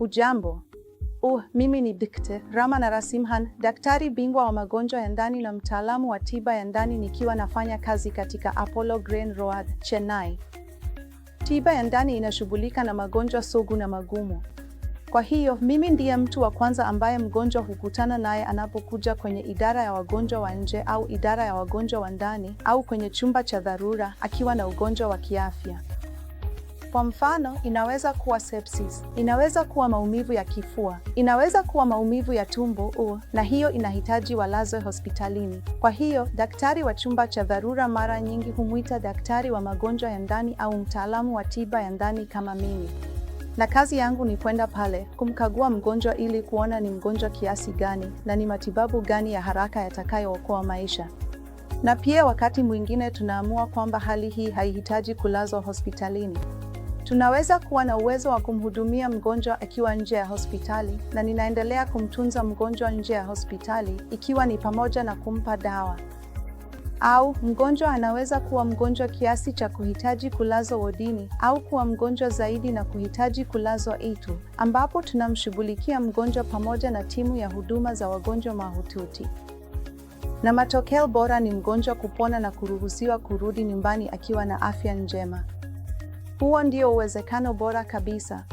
Ujambo. Uh, mimi ni Dkt. Rama Narasimhan, daktari bingwa wa magonjwa ya ndani na mtaalamu wa tiba ya ndani nikiwa nafanya kazi katika Apollo Green Road, Chennai. Tiba ya ndani inashughulika na magonjwa sugu na magumu. Kwa hiyo, mimi ndiye mtu wa kwanza ambaye mgonjwa hukutana naye anapokuja kwenye idara ya wagonjwa wa nje au idara ya wagonjwa wa ndani au kwenye chumba cha dharura akiwa na ugonjwa wa kiafya. Kwa mfano, inaweza kuwa sepsis, inaweza kuwa maumivu ya kifua, inaweza kuwa maumivu ya tumbo u, na hiyo inahitaji walazwe hospitalini. Kwa hiyo, daktari wa chumba cha dharura mara nyingi humwita daktari wa magonjwa ya ndani au mtaalamu wa tiba ya ndani kama mimi na kazi yangu ni kwenda pale kumkagua mgonjwa ili kuona ni mgonjwa kiasi gani na ni matibabu gani ya haraka yatakayookoa maisha. Na pia wakati mwingine tunaamua kwamba hali hii haihitaji kulazwa hospitalini. Tunaweza kuwa na uwezo wa kumhudumia mgonjwa akiwa nje ya hospitali, na ninaendelea kumtunza mgonjwa nje ya hospitali, ikiwa ni pamoja na kumpa dawa. Au mgonjwa anaweza kuwa mgonjwa kiasi cha kuhitaji kulazwa wodini au kuwa mgonjwa zaidi na kuhitaji kulazwa ICU, ambapo tunamshughulikia mgonjwa pamoja na timu ya huduma za wagonjwa mahututi. Na matokeo bora ni mgonjwa kupona na kuruhusiwa kurudi nyumbani akiwa na afya njema huo ndio uwezekano bora kabisa.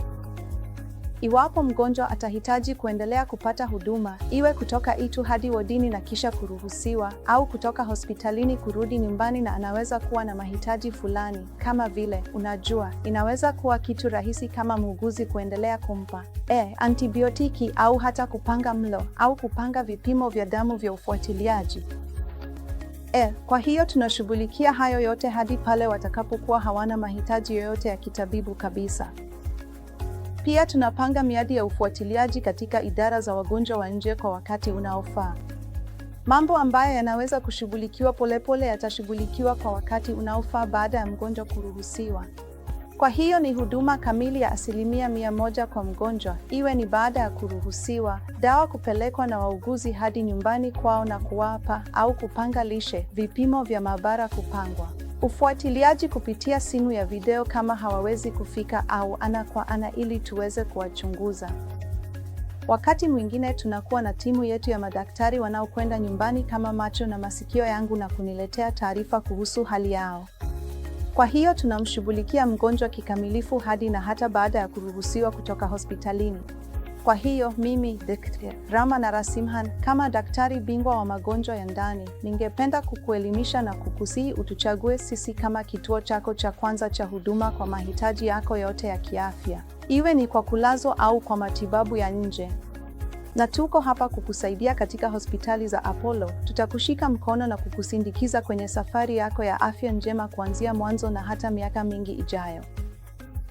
Iwapo mgonjwa atahitaji kuendelea kupata huduma, iwe kutoka ITU hadi wodini na kisha kuruhusiwa, au kutoka hospitalini kurudi nyumbani, na anaweza kuwa na mahitaji fulani kama vile, unajua, inaweza kuwa kitu rahisi kama muuguzi kuendelea kumpa e, antibiotiki au hata kupanga mlo au kupanga vipimo vya damu vya ufuatiliaji. E, kwa hiyo tunashughulikia hayo yote hadi pale watakapokuwa hawana mahitaji yoyote ya kitabibu kabisa. Pia tunapanga miadi ya ufuatiliaji katika idara za wagonjwa wa nje kwa wakati unaofaa. Mambo ambayo yanaweza kushughulikiwa polepole yatashughulikiwa kwa wakati unaofaa baada ya mgonjwa kuruhusiwa. Kwa hiyo ni huduma kamili ya asilimia mia moja kwa mgonjwa, iwe ni baada ya kuruhusiwa dawa kupelekwa na wauguzi hadi nyumbani kwao na kuwapa au kupanga lishe, vipimo vya maabara kupangwa, ufuatiliaji kupitia simu ya video kama hawawezi kufika au ana kwa ana ili tuweze kuwachunguza. Wakati mwingine tunakuwa na timu yetu ya madaktari wanaokwenda nyumbani kama macho na masikio yangu na kuniletea taarifa kuhusu hali yao. Kwa hiyo tunamshughulikia mgonjwa kikamilifu hadi na hata baada ya kuruhusiwa kutoka hospitalini. Kwa hiyo mimi Dr. Rama Narasimhan kama daktari bingwa wa magonjwa ya ndani, ningependa kukuelimisha na kukusihi utuchague sisi kama kituo chako cha kwanza cha huduma kwa mahitaji yako yote ya kiafya, iwe ni kwa kulazwa au kwa matibabu ya nje na tuko hapa kukusaidia katika hospitali za Apollo. Tutakushika mkono na kukusindikiza kwenye safari yako ya afya njema kuanzia mwanzo na hata miaka mingi ijayo.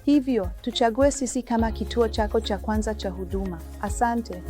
Hivyo, tuchague sisi kama kituo chako cha kwanza cha huduma. Asante.